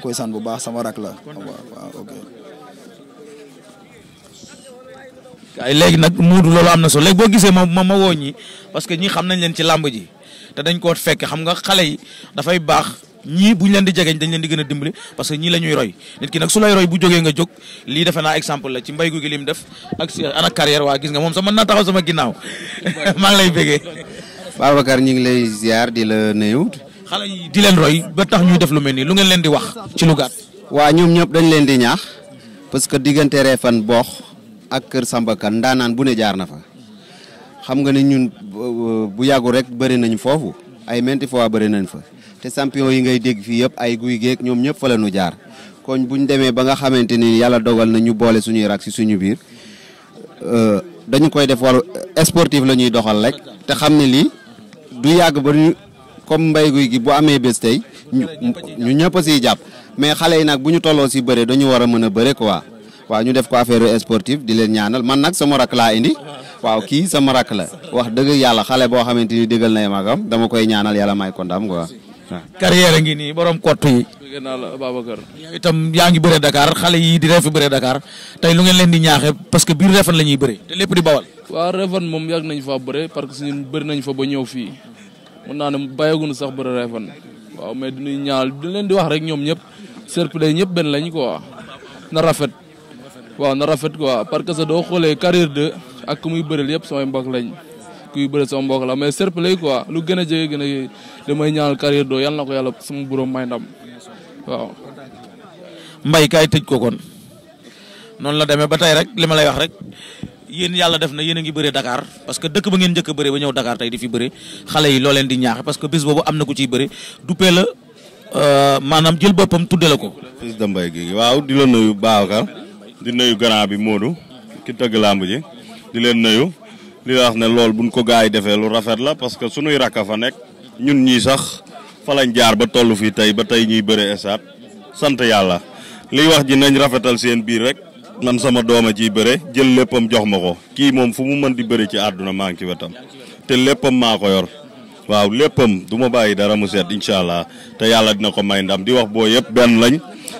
koy sant bu baax sama rak la waaw ok. ay léegi nag muudu loolu am na solo léegi boo gisee ma ma ma woo ñi parce que ñi xam nañ leen ci làmb ji te dañ koo fekk xam nga xale yi dafay baax ñii bu ñu leen di jegeñ dañ leen di gën a dimbali parce que ñii la ñuy roy nit ki nag su lay roy bu jógee nga jóg lii defe naa exemple la ci mbay gu gi lim def ak si ana carrière waa gis nga moom sax mën naa taxaw sama ginnaaw maa ngi lay bégee. Babacar ñu ngi lay ziar di la nuyu. xale yi di leen roy ba tax ñuy def lu mel nii lu ngeen leen di wax ci lu gàtt. waa ñoom ñëpp dañ leen di ñaax parce que diggante Réfane boox ak Kër Samba Kane ndaanaan bu ne jaar na fa xam nga ne ñun bu yàggu rek bëri nañu foofu ay menti fois bëri nañ fa te champion yi ngay dégg fii yëpp ay guy geeg ñoom ñëpp fa la ñu jaar kon buñ demee ba nga xamante ni yàlla dogal na ñu boole suñuy rak si suñu biir euh, dañu koy def wàllu sportif la ñuy doxal rek te xam ne lii comme mbay guy gi bu amee bés tey ñu ñëpp a jàpp mais xale yi nag bu ñu tolloo si bëree dañu war a mën a bëre quoi waaw ñu def ko affaire sportive di leen ñaanal man nag sama rak laa indi waaw kii sama rak la wax dëgg yàlla xale boo xamante ni dëggal na magam dama koy ñaanal yàlla may ko ndam quoi. carrière ngi nii borom kott yi. dégg itam yaa ngi bëre dakaar xale yi di reef bëre dakaar tey lu ngeen leen di ñaaxee parce que biir Refane la ñuy bëre lépp di bawal. waaw Refane moom yàgg parce que bëri nañ fa ba ñëw fii mun na ne bàyyaguñu sax bëri Réfane waaw mais du ñuy ñaanal du leen di wax rek ñoom ñëpp serplay ñëpp benn lañ quoi na rafet waaw na rafet quoi parce que sa doo xoolee carrière de ak ku muy bëreel yëpp samay mbokk lañ kuy bëri sama mbokk la mais serplay quoi lu gën a jege gën a damay ñaanal carrière doo yàlla na ko yàlla sama borom may ndam waaw mbay kaay tëj ko kon la demee ba tey rek li ma lay wax rek yéen yàlla def na yéen a ngi bëree Dakar parce que dëkk ba ngeen njëkk a ba ñëw Dakar tey di fi bëri xale yi loo di ñaax parce que bis boobu am na ku ciy bëri duppee la euh, maanaam jël boppam tudde la ko. fils de Mbaye Guèye waaw di la nuyu Babacar di nuyu grand bi Modou ki tëgg làmb ji di leen nuyu li wax ne loolu buñ ko gars yi defee lu rafet la parce que sunuy rakka fa nekk ñun ñii sax fa lañ jaar ba toll fii tey ba tey ñuy bëre esaat sant yàlla liy wax ji nañ rafetal seen biir rek. man sama dooma ciy bëre jël léppam jox ma ko kii moom fu mu mën di bëre ci àdduna maa ngi ci wetam te léppam maa ko yor waaw léppam du ma bàyyi dara mu seet incha allah te yàlla dina ko may ndam di wax boo yëpp benn lañ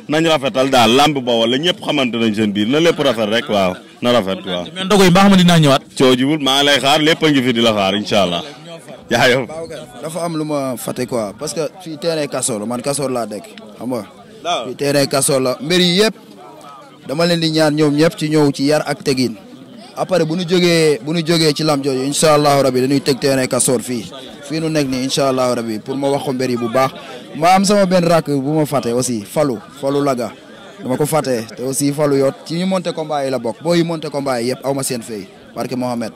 nañ rafetal daal làmb Bawol la ñëpp xamante nañ seen biir na lépp rafet rek waaw na rafet waaw. mais ndogo yi mbaa xam ne dinaa ñëwaat. coojubul maa ngi lay xaar lépp a ngi fi di la xaar incha yaayo dafa am lu ma fate quoi parce que fii teere kasoor la man kasoor laa dëkk xam nga. waaw fii terrain kasoor la mbir yëpp dama leen di ñaan ñoom ñëpp ci ñëw ci yar ak tegin après bu ñu jógee bu ñu jógee ci lam jooju incha allahu rabi dañuy teg terrain Castors fii fii nu nekk nii incha allahu rabi pour ma wax ko mbir yi bu baax ma am sama benn rakk bu ma fàtte aussi Fallou Fallou Laga dama ko fàtte te aussi Fallou yoot ci ñu monté combat yi la bokk boo yi monté combat yëpp aw ma seen fay barke Mohamed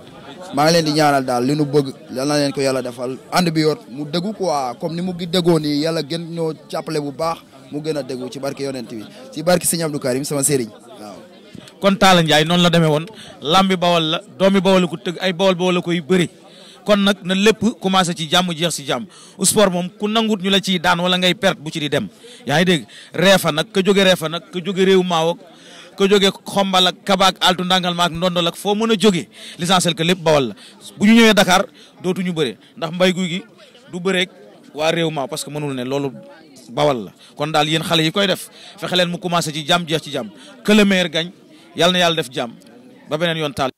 maa ngi di ñaanal daal li nu bëgg yal na leen ko yàlla defal ànd bi mu dëggu quoi comme ni mu gi dëggoo nii yàlla gën ñoo jàppale bu baax mu gën a dëggu ci barke yonent bi ci barke Sëñ Abdou Karim kon Talla Ndiaye noonu la demee woon lambi bawal la doomi bawal la ko tëgg ay bawal bawal la kon ci jàmm jeex si jàmm sport moom ku nangut ñu la ciy daan wala ngay bu ci dem yaa ngi dégg reefa nag ka jóge reefa nag ka jóge réew maaw ko jógee xombal ak kabaak altu ndangal maak ndondol ak foo mën a jógee l'essentiel que lépp bawal la bu ñu ñëwee Dakar dootuñu bëre ndax mbay gi du bëreeg waa réew ma parce que mënul ne loolu bawal la kon daal yéen xale yi koy def fexe leen mu commencé ci jàmm jeex ci jàmm que le yàlla na yàlla def jàmm ba beneen yoon taal